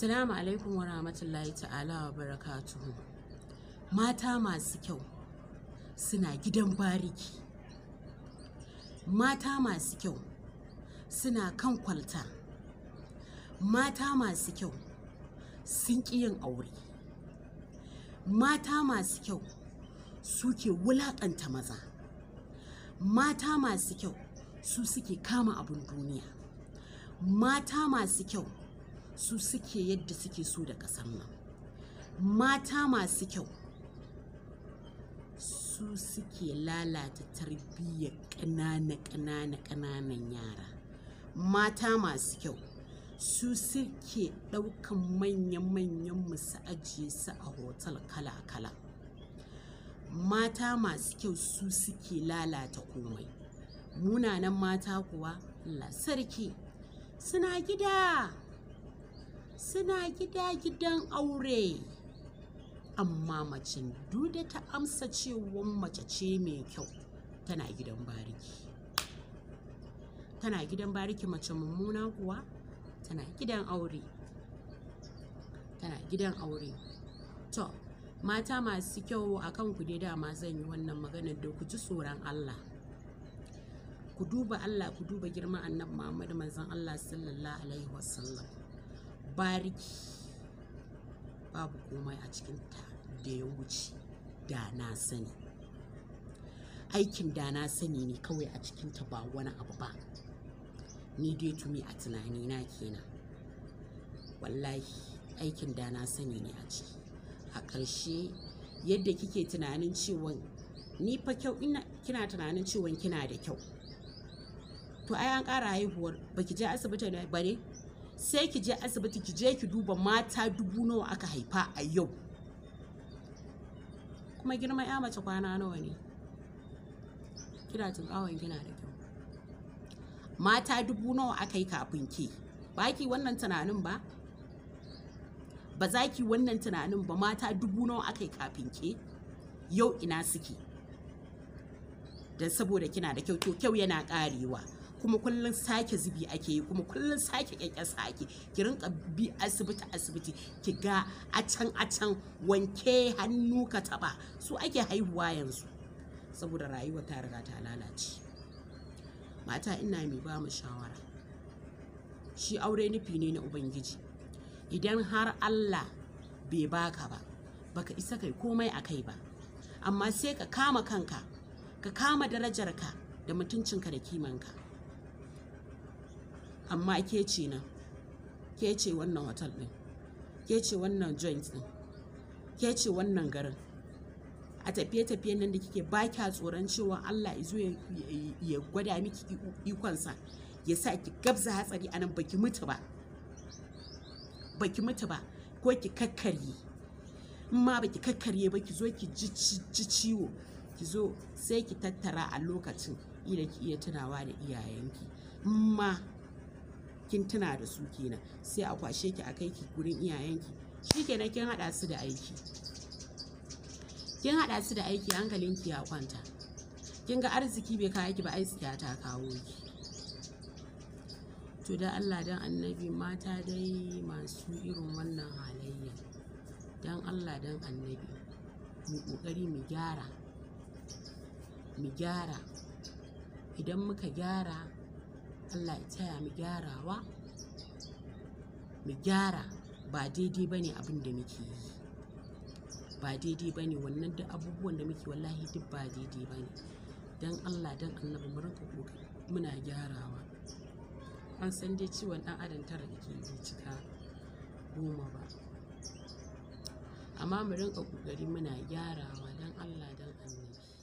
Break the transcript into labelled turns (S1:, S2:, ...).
S1: salamu alaikum wa rahmatullahi ta'ala wa barakatuhu. Mata masu kyau suna gidan bariki. Mata masu kyau suna kan kwalta. Mata masu kyau sun ƙi yin aure. Mata masu kyau suke wulaƙanta maza. Mata masu kyau su suke kama abin duniya. Mata masu kyau su suke yadda suke so da ƙasar nan mata masu kyau su suke lalata tarbiyyar ƙanana ƙanana ƙananan yara mata masu kyau su suke ɗaukan manya-manyan su ajiye su a hotel kala-kala mata masu kyau su suke lalata komai munanan mata kuwa lasarki suna gida suna gida gidan aure amma macen duda ta amsa cewan mace ce mai kyau tana gidan bariki tana gidan bariki mace mummuna kuwa tana gidan aure tana gidan aure to mata masu kyau a kan ku dai dama zan yi wannan maganar da ku ji tsoron allah ku duba allah ku duba girman annabi muhammad manzon allah sallallahu alaihi wasallam bariki babu komai a cikinta da ya wuce da na sani aikin da na sani ne kawai a cikinta ba wani abu ba ni dai tumi a tunani na kenan wallahi aikin da na sani ne a ciki a ƙarshe yadda kike tunanin cewa ni fa kyau ina kina tunanin cewa kina da kyau to ai an ƙara haihuwar baki je asibiti ba ne sai ki je asibiti ki je ki duba mata dubu nawa aka haifa a yau kuma girma ya mace kwana nawa ne kina tunkawan kina da kyau mata dubu nawa aka yi kafin ke ba ki wannan tunanin ba ba za ki wannan tunanin ba mata dubu nawa aka yi kafin ke yau ina suke don saboda kina da kyau to kyau yana karewa kuma kullum sake zubi ake yi kuma kullun sake kyankyasa ake ki rinka bi asibiti asibiti ki ga a can a can wanke hannu ka taba su ake haihuwa yanzu saboda rayuwa ta riga ta lalace mata ina mai ba mu shawara shi aure nufi ne na ubangiji idan har allah bai baka ba baka isa kai komai a kai ba amma sai ka kama kanka ka kama darajarka da mutuncinka da kimanka amma ke ce nan ke ce wannan hotel ɗin ke ce wannan joint ɗin ke ce wannan garin a tafiye tafiye nan da kike ba kya tsoron cewa Allah izo ya gwada miki ikonsa ya sa ki gabza hatsari anan baki mutu ba baki mutu ba ko ki kakkarye in ma baki kakkarye ba ki zo ki ji ciwo ki zo sai ki tattara a lokacin ila ki iya tunawa da iyayenki in kin tuna da su kenan sai a kwashe ki a kai ki gurin iyayenki shikenan kin haɗa su da aiki kin haɗa su da aiki hankalinki ya kwanta kin ga arziki bai kawo ki ba arziki ta kawo ki to da Allah dan annabi mata dai masu irin wannan halayya dan Allah dan annabi mu kokari mu gyara mu gyara idan muka gyara Allah ya tsaya mu gyarawa mu gyara ba daidai bane abin da muke yi ba daidai bane wannan da abubuwan da muke wallahi duk ba daidai bane dan Allah dan annabi mu rinka kokari muna gyarawa an san dai ciwon dan adam tara da ke cika goma ba amma mu rinka kokari muna gyarawa dan Allah dan annabi